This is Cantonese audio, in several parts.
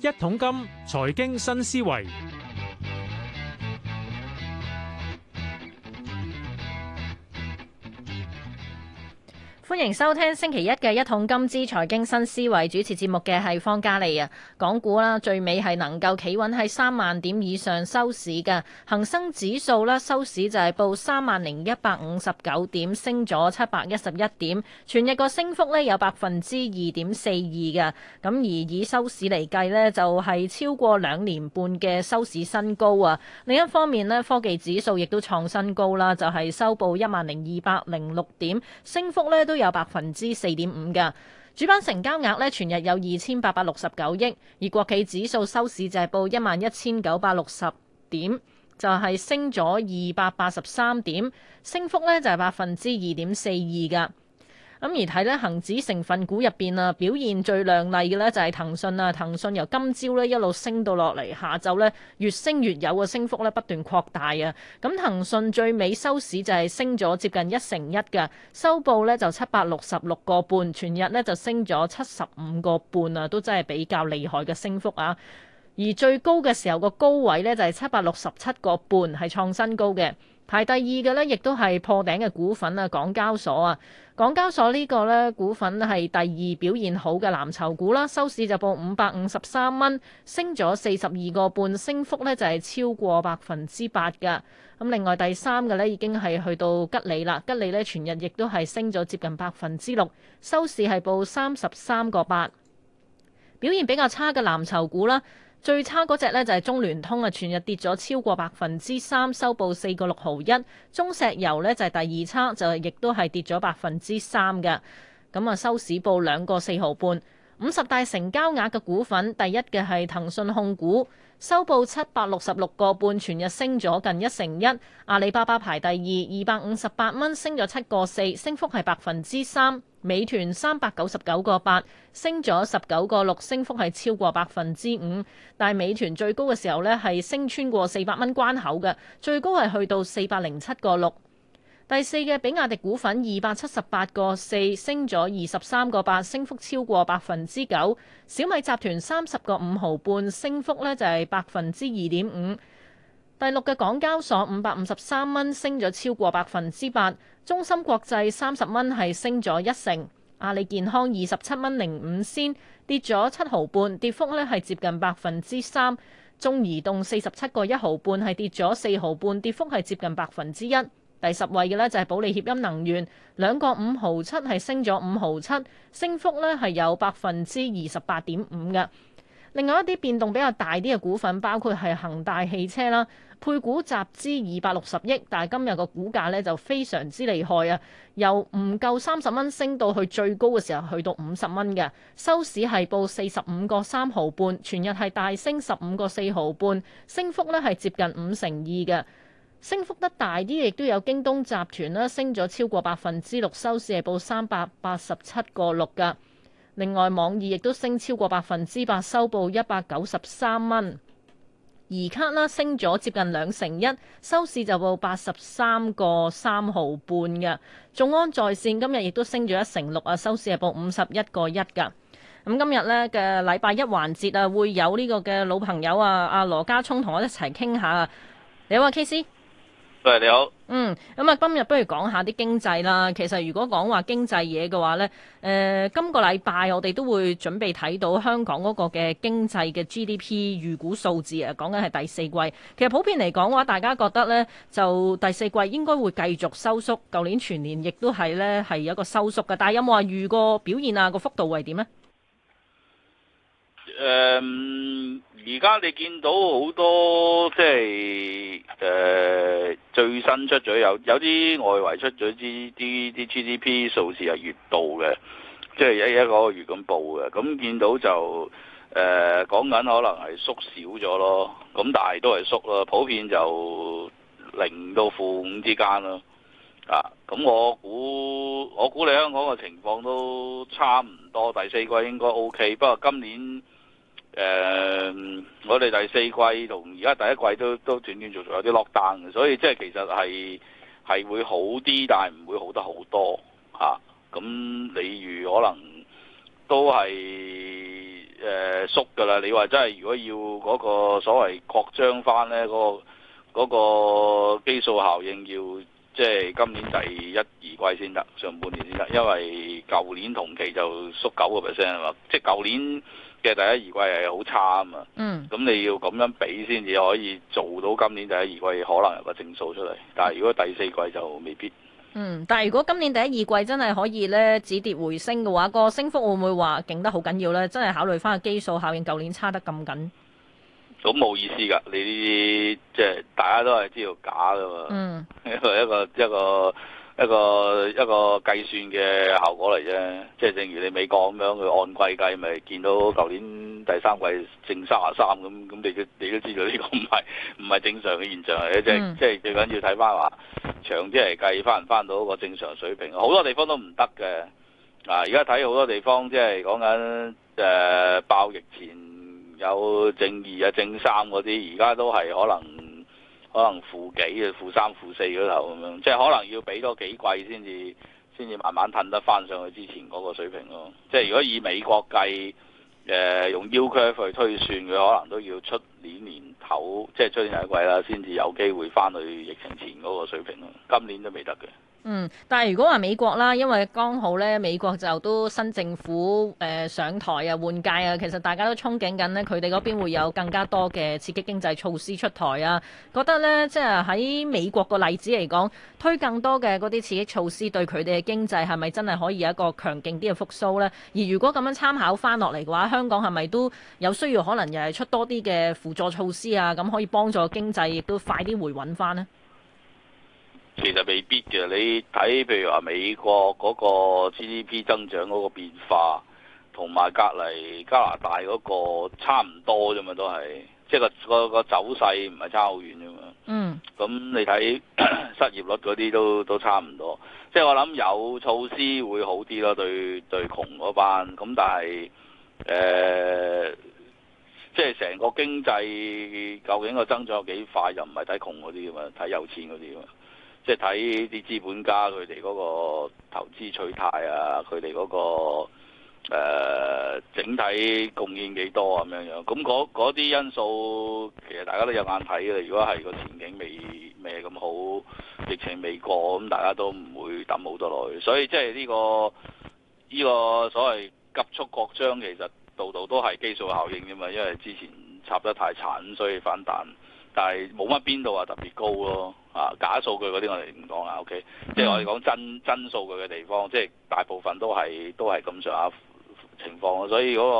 一桶金，財經新思維。歡迎收聽星期一嘅一桶金之財經新思維，主持節目嘅係方嘉利啊。港股啦，最尾係能夠企穩喺三萬點以上收市嘅，恒生指數啦，收市就係報三萬零一百五十九點，升咗七百一十一點，全日個升幅呢，有百分之二點四二嘅。咁而以收市嚟計呢，就係超過兩年半嘅收市新高啊。另一方面呢，科技指數亦都創新高啦，就係收報一萬零二百零六點，升幅呢，都有。百分之四點五噶，主板成交額咧，全日有二千八百六十九億，而國企指數收市就係報一萬一千九百六十點，就係升咗二百八十三點，升幅咧就係百分之二點四二噶。咁而睇呢，恒指成分股入邊啊，表現最亮麗嘅呢就係騰訊啊！騰訊由今朝呢一路升到落嚟，下晝呢越升越有嘅，升幅呢不斷擴大啊！咁騰訊最尾收市就係升咗接近一成一嘅，收報呢就七百六十六個半，全日呢就升咗七十五個半啊，都真係比較厲害嘅升幅啊！而最高嘅時候個高位呢，就係七百六十七個半，係創新高嘅。排第二嘅呢，亦都係破頂嘅股份啊，港交所啊，港交所呢個呢股份係第二表現好嘅藍籌股啦，收市就報五百五十三蚊，升咗四十二個半，升幅呢就係超過百分之八㗎。咁另外第三個呢，已經係去到吉利啦，吉利呢全日亦都係升咗接近百分之六，收市係報三十三個八，表現比較差嘅藍籌股啦。最差嗰隻咧就係中聯通啊，全日跌咗超過百分之三，收報四個六毫一。中石油咧就係第二差，就係亦都係跌咗百分之三嘅，咁啊收市報兩個四毫半。五十大成交額嘅股份，第一嘅係騰訊控股，收報七百六十六個半，全日升咗近一成一。阿里巴巴排第二，二百五十八蚊，升咗七個四，升幅係百分之三。美團三百九十九個八，升咗十九個六，升幅係超過百分之五。但係美團最高嘅時候呢，係升穿過四百蚊關口嘅，最高係去到四百零七個六。第四嘅比亞迪股份二百七十八個四，升咗二十三個八，升幅超過百分之九。小米集團三十個五毫半，升幅呢，就係百分之二點五。第六嘅港交所五百五十三蚊，升咗超過百分之八。中芯國際三十蚊係升咗一成。阿里健康二十七蚊零五仙跌咗七毫半，跌幅呢係接近百分之三。中移動四十七個一毫半係跌咗四毫半，跌幅係接近百分之一。第十位嘅呢，就係保利協鑫能源，兩個五毫七係升咗五毫七，升幅呢係有百分之二十八點五嘅。另外一啲變動比較大啲嘅股份，包括係恒大汽車啦，配股集資二百六十億，但係今日個股價呢，就非常之厲害啊，由唔夠三十蚊升到去最高嘅時候去到五十蚊嘅。收市係報四十五個三毫半，全日係大升十五個四毫半，升幅呢係接近五成二嘅。升幅得大啲，亦都有京東集團啦，升咗超過百分之六，收市係報三百八十七個六嘅。另外網易亦都升超過百分之八，收報一百九十三蚊。而卡啦升咗接近兩成一，收市就報八十三個三毫半嘅。眾安在線今日亦都升咗一成六啊，收市係報五十一個一嘅。咁今日呢嘅禮拜一環節啊，會有呢個嘅老朋友啊，阿羅家聰同我一齊傾下啊。你好啊，KC。喂，你好。嗯，咁啊，今日不如講下啲經濟啦。其實如果講話經濟嘢嘅話呢誒，今個禮拜我哋都會準備睇到香港嗰個嘅經濟嘅 GDP 預估數字啊，講緊係第四季。其實普遍嚟講嘅話，大家覺得呢就第四季應該會繼續收縮。舊年全年亦都係呢係有一個收縮嘅。但係有冇話預估表現啊？那個幅度會點呢？誒、um。而家你見到好多即係誒、呃、最新出咗有有啲外圍出咗啲啲啲 GDP 數字係月度嘅，即係一個一個一個月咁報嘅。咁、嗯、見到就誒講緊可能係縮少咗咯，咁但係都係縮啦，普遍就零到負五之間啦。啊，咁、嗯、我估我估你香港嘅情況，都差唔多，第四季應該 OK，不過今年。誒，um, 我哋第四季同而家第一季都都斷斷續續有啲落單，所以即係其實係係會好啲，但係唔會好得好多嚇。咁、啊、你如可能都係誒、呃、縮㗎啦。你話真係如果要嗰個所謂擴張翻咧，嗰、嗰個嗰個基數效應要即係今年第一二季先得，上半年先得，因為舊年同期就縮九個 percent 係嘛，即係舊年。嘅第一二季係好差啊嘛，咁、嗯、你要咁樣比先至可以做到今年第一二季可能有個正數出嚟，但係如果第四季就未必。嗯，但係如果今年第一二季真係可以咧止跌回升嘅話，個升幅會唔會話勁得好緊要咧？真係考慮翻個基數效應，舊年差得咁緊，咁冇意思㗎。你啲即係大家都係知道假噶嘛、嗯 一，一個一個一個。一個一個計算嘅效果嚟啫，即係正如你美國咁樣，佢按季計，咪見到舊年第三季正卅三咁，咁你嘅你都知道呢個唔係唔係正常嘅現象嚟嘅、嗯，即係即係最緊要睇翻話長啲嚟計翻唔翻到一個正常水平，好多地方都唔得嘅。啊，而家睇好多地方即係講緊誒爆疫前有正二啊正三嗰啲，而家都係可能。可能負幾啊，負三負四嗰頭咁樣，即係可能要俾多幾季先至，先至慢慢褪得翻上去之前嗰個水平咯。即係如果以美國計，誒、呃、用 U curve 去推算，佢可能都要出年年頭即係春天季啦，先至有機會翻去疫情前嗰個水平咯。今年都未得嘅。嗯，但係如果話美國啦，因為剛好咧，美國就都新政府誒、呃、上台啊，換屆啊，其實大家都憧憬緊呢，佢哋嗰邊會有更加多嘅刺激經濟措施出台啊。覺得呢，即係喺美國個例子嚟講，推更多嘅嗰啲刺激措施，對佢哋嘅經濟係咪真係可以有一個強勁啲嘅復甦呢？而如果咁樣參考翻落嚟嘅話，香港係咪都有需要可能又係出多啲嘅？輔助措施啊，咁可以幫助經濟，亦都快啲回穩翻呢。其實未必嘅，你睇譬如話美國嗰個 GDP 增長嗰個變化，同埋隔籬加拿大嗰個差唔多啫嘛，都係即係個個走勢唔係差好遠啫嘛。嗯。咁你睇失業率嗰啲都都差唔多，即係我諗有措施會好啲咯，對對窮嗰班咁，但係誒。呃即係成個經濟究竟個增長有幾快，又唔係睇窮嗰啲啊嘛，睇有錢嗰啲啊嘛，即係睇啲資本家佢哋嗰個投資取態啊，佢哋嗰個、呃、整體貢獻幾多啊咁樣樣。咁嗰啲因素其實大家都有眼睇嘅。如果係個前景未、未咁好，疫情未過，咁大家都唔會抌好多落去。所以即係呢個呢個所謂急速擴張，其實。度度都係基數效應啫嘛，因為之前插得太慘，所以反彈。但係冇乜邊度話特別高咯。啊，假數據嗰啲我哋唔講啦。O、okay, K，即係我哋講真真數據嘅地方，即係大部分都係都係咁上下情況。所以嗰、嗰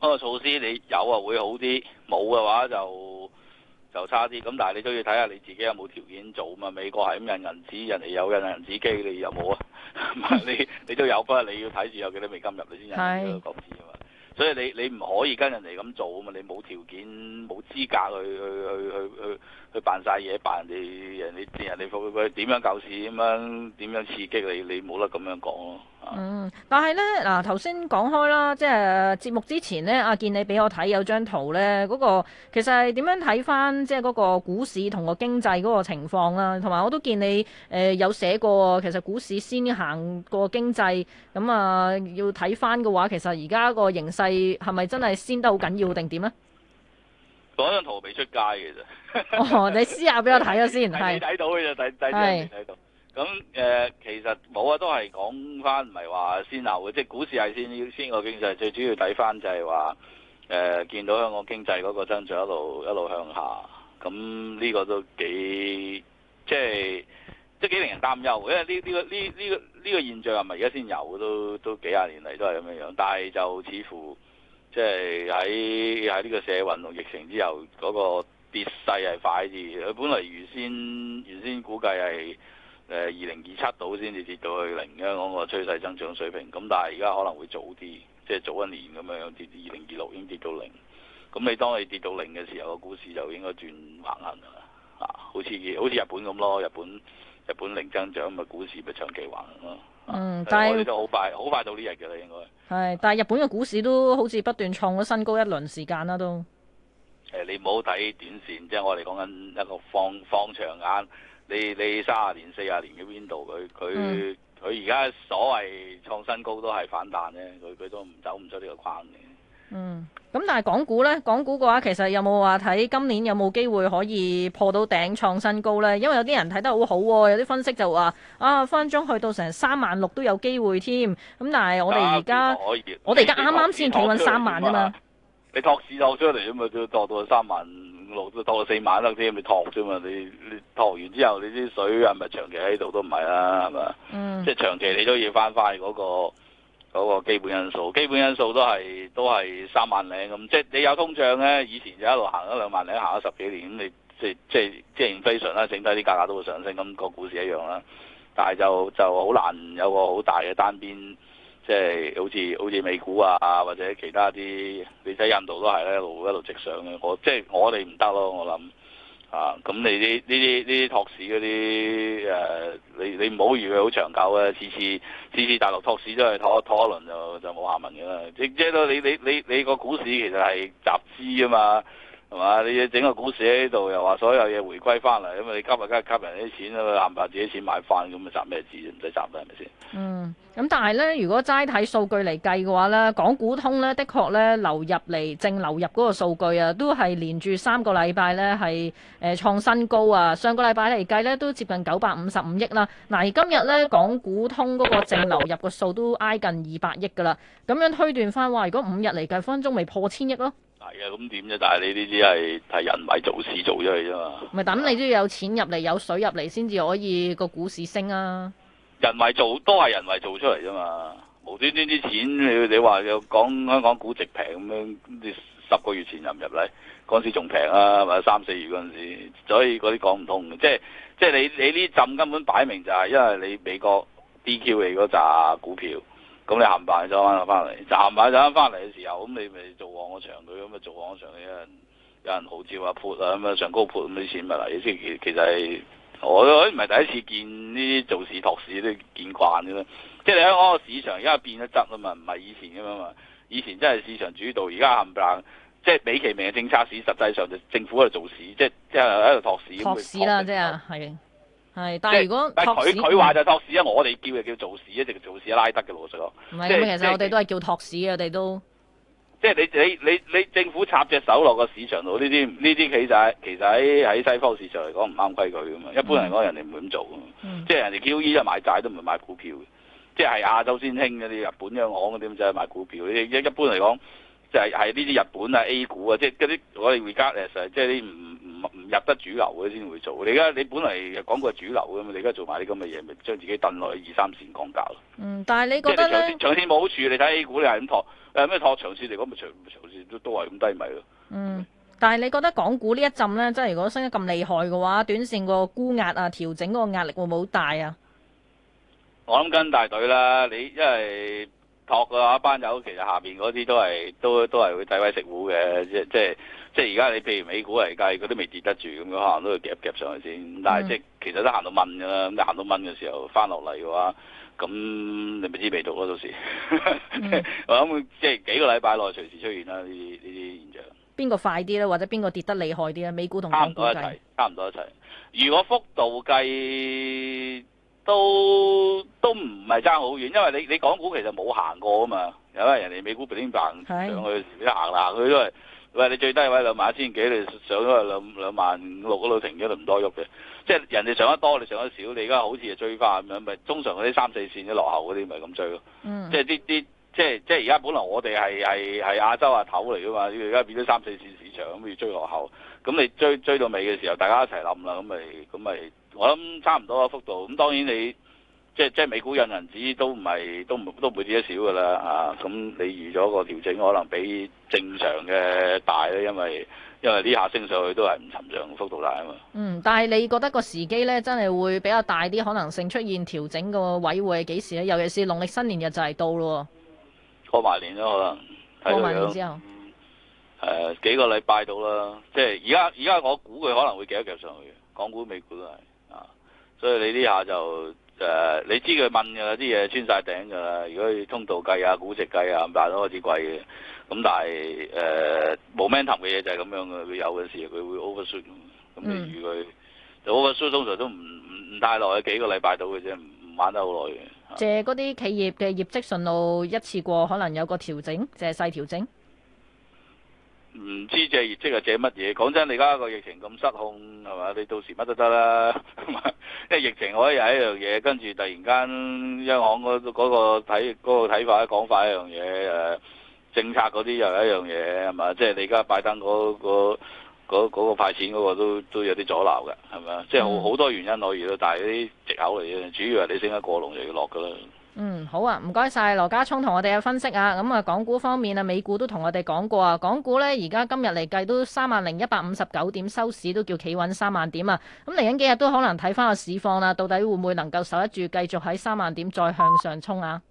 個嗰個措施你有啊會好啲，冇嘅話就就差啲。咁但係你都要睇下你自己有冇條件做嘛。美國係咁印銀紙，人哋有印銀紙機，你有冇啊？ 你你都有，不過你要睇住有幾多美金入你先印。所以你你唔可以跟人哋咁做啊嘛，你冇條件，冇資格去去去去。去去去扮晒嘢，扮人哋人哋成日你喂點樣救市咁樣，點樣刺激你？你冇得咁樣講咯。嗯，但係呢，嗱，頭先講開啦，即係節目之前呢，阿健你俾我睇有張圖呢，嗰個其實係點樣睇翻即係嗰個股市同個經濟嗰個情況啦。同埋我都見你誒有寫過，其實股市先行過經濟，咁啊要睇翻嘅話，其實而家個形勢係咪真係先得好緊要定點呢？嗰張圖未出街嘅啫，哦，你私下俾我睇咗先， 你睇到嘅啫，睇第第睇到。咁誒，其實冇啊，都係講翻，唔係話先牛嘅，即係股市係先先個經濟最主要睇翻就係話誒，見到香港經濟嗰個增長一路一路，一路向下，咁呢個都幾即係都幾令人擔憂，因為呢呢、呢個呢呢、呢個呢、呢個、呢個呢個、現象，係咪而家先有都都，都幾廿年嚟都係咁樣樣，但係就似乎。即係喺喺呢個社運同疫情之後，嗰個跌勢係快啲。佢本嚟原先原先估計係誒二零二七度先至跌到去零嘅嗰個趨勢增長水平。咁但係而家可能會早啲，即係早一年咁樣跌。二零二六已經跌到零。咁你當你跌到零嘅時候，個股市就應該轉橫行啦。啊，好似好似日本咁咯，日本日本零增長咪股市咪長期橫行咯。嗯，但係我哋都好快，好快到呢日嘅啦，應該係，但係日本嘅股市都好似不斷創咗新高一輪時間啦，都誒、呃，你唔好睇短線，即係我哋講緊一個放放長眼，你你三十年、四十年嘅 window，佢佢佢而家所謂創新高都係反彈咧，佢佢都唔走唔出呢個框嘅。嗯，咁但係港股咧，港股嘅話其實有冇話睇今年有冇機會可以破到頂創新高咧？因為有啲人睇得好好、哦，有啲分析就話啊，分鐘去到成三萬六都有機會添。咁但係我哋而家我哋而家啱啱先跳翻三萬啫嘛，你托市走出嚟啊嘛，就托到三萬六，托到四萬啦添，咪托啫嘛。你你托完之後，你啲水係咪長期喺度都唔係啊？係咪，即係長期你都要翻翻嗰個。嗰個基本因素，基本因素都係都係三萬零咁，即係你有通脹咧，以前就一路行咗兩萬零，行咗十幾年，咁你即係即係 inflation 啦，整體啲價格都會上升，咁個股市一樣啦。但係就就好難有個好大嘅單邊，即係好似好似美股啊，或者其他啲，你睇印度都係咧，一路一路直上嘅。我即係我哋唔得咯，我諗。啊！咁你啲呢啲呢啲托市嗰啲誒，你你唔好預佢好長久啊。次次次次大陸托市都係拖一拖一一輪就就冇下文嘅啦。即即都你你你你個股市其實係集資啊嘛。係嘛？你整個股市喺呢度，又話所有嘢回歸翻嚟，因為你今日梗係吸人啲錢啊嘛，冚唪唥自己錢買翻，咁咪賺咩錢？唔使賺啦，係咪先？嗯，咁但係呢，如果齋睇數據嚟計嘅話呢，港股通呢，的確呢流入嚟，淨流入嗰個數據啊，都係連住三個禮拜呢係誒、呃、創新高啊！上個禮拜嚟計呢，都接近九百五十五億啦，嗱而今日呢，港股通嗰個淨流入個數都挨近二百億噶啦，咁樣推斷翻話，如果五日嚟計分分鐘未破千億咯。係啊，咁點啫？但係你呢啲係係人為做事做出去啫嘛。唔係，但你都要有錢入嚟，有水入嚟先至可以個股市升啊。人為做都係人為做出嚟啫嘛，無端端啲錢你你話又講香港股值平咁樣，十個月前入唔入嚟？嗰時仲平啊，或者三四月嗰陣時，所以嗰啲講唔通即係即係你你呢浸根本擺明就係，因為你美國 DQ 你嗰扎股票。咁你冚唪唥咗翻又翻嚟，冚唪唥咗翻嚟嘅時候，咁你咪做旺個場，咁啊做旺個場有人有人號召啊潑啊，咁啊上高潑咁啲錢咪嚟，即係其其實係我我唔係第一次見呢啲做市托市都見慣嘅啦，即係喺嗰個市場而家變咗質啊嘛，唔係以前咁啊嘛，以前真係市場主導，而家冚唪唥，即係美其名嘅政策市，實際上就政府喺度做市，即係即係喺度托市。托市啦，即係。係，但係如果佢佢話就托市啊，嗯、我哋叫佢叫做市一直情做市拉得嘅路上，即係是其實我哋都係叫托市嘅，就是、我哋們都即係你你你你政府插隻手落個市場度，呢啲呢啲企仔其實喺喺西方市場嚟講唔啱規矩噶嘛，一般嚟講人哋唔會咁做嘅，即係、嗯、人哋 QE 一買債都唔會買股票嘅，即係亞洲先興嗰啲日本央行嗰啲咁就係買股票，一一般嚟講就係係呢啲日本啊 A 股啊，即係嗰啲我哋 regulators 即係啲唔。入得主流嘅先會做，你而家你本嚟講個主流噶嘛，你而家做埋啲咁嘅嘢，咪將自己燉落去二三線講價咯。嗯，但係你覺得咧？長線長線冇好處，你睇 A 股你係咁托，誒、啊、咩托長線嚟講，咪長長線都都係咁低迷咯。嗯，吧但係你覺得港股呢一浸咧，真係如果升得咁厲害嘅話，短線個沽壓啊，調整嗰個壓力會唔會好大啊？我諗跟大隊啦，你因為。托嘅話，班友其實下邊嗰啲都係都都係會低位食糊嘅，即即即而家你譬如美股嚟計，佢都未跌得住咁，可能都要夾一夾上去先。但係即、嗯、其實都行到蚊㗎啦，咁行到蚊嘅時候翻落嚟嘅話，咁你咪知未做咯到時。咁、嗯、 我諗會即幾個禮拜內隨時出現啦呢啲呢啲現象。邊個快啲咧？或者邊個跌得厲害啲咧？美股同港股差唔多一齊。差唔多一齊。如果幅度計。都都唔係爭好遠，因為你你港股其實冇行過啊嘛，因為人哋美股平平上去，自己行行佢都係喂，你最低位兩萬一千幾，你上咗去兩兩萬六嗰度停咗，唔多喐嘅。即係人哋上得多，你上得、就是、少，你而家好似係追翻咁樣，咪中上嗰啲三四線啲落後嗰啲咪咁追咯、嗯。即係啲啲即係即係而家本來我哋係係係亞洲啊頭嚟噶嘛，而家變咗三四線市場咁，要追落後，咁你追追到尾嘅時候，大家一齊冧啦，咁咪咁咪。我諗差唔多個幅度，咁當然你即係即係美股印銀紙都唔係都唔都唔會跌得少㗎啦吓，咁你預咗個調整可能比正常嘅大啦，因為因為呢下升上去都係唔尋常幅度大啊嘛、嗯。嗯，但係你覺得個時機咧，真係會比較大啲可能性出現調整個位會係幾時咧？尤其是農曆新年日就係到咯。過埋年咯可能。過埋年之後。誒、嗯啊、幾個禮拜到啦，即係而家而家我估佢可能會幾多腳上去嘅，港股美股都係。所以你呢下就誒、呃，你知佢問㗎啦，啲嘢穿晒頂㗎啦。如果要通道計啊、估值計啊，咁大家都開始貴嘅。咁但係誒冇 momentum 嘅嘢就係咁樣嘅。佢有嘅時佢會 overshoot 咁你預佢、嗯、就 overshoot 通常都唔唔唔太耐，幾個禮拜到嘅啫，唔唔玩得好耐嘅。借嗰啲企業嘅業績順路一次過，可能有個調整，借細調整。唔知借業績啊借乜嘢？講真，你而家個疫情咁失控係嘛？你到時乜都得啦，因為疫情可以係一樣嘢，跟住突然間央行嗰、嗰個睇嗰個睇法講法一樣嘢誒，政策嗰啲又係一樣嘢係嘛？即係你而家拜登嗰、嗰個嗰個嗰個派錢嗰個都都有啲阻撚嘅係咪啊？即係好好多原因可以咯，但係啲藉口嚟嘅，主要係你升得過龍就要落㗎啦。嗯，好啊，唔該晒羅家聰同我哋嘅分析啊。咁、嗯、啊，港股方面啊，美股都同我哋講過啊。港股呢，而家今日嚟計都三萬零一百五十九點收市，都叫企穩三萬點啊。咁嚟緊幾日都可能睇翻個市況啦，到底會唔會能夠守得住，繼續喺三萬點再向上衝啊？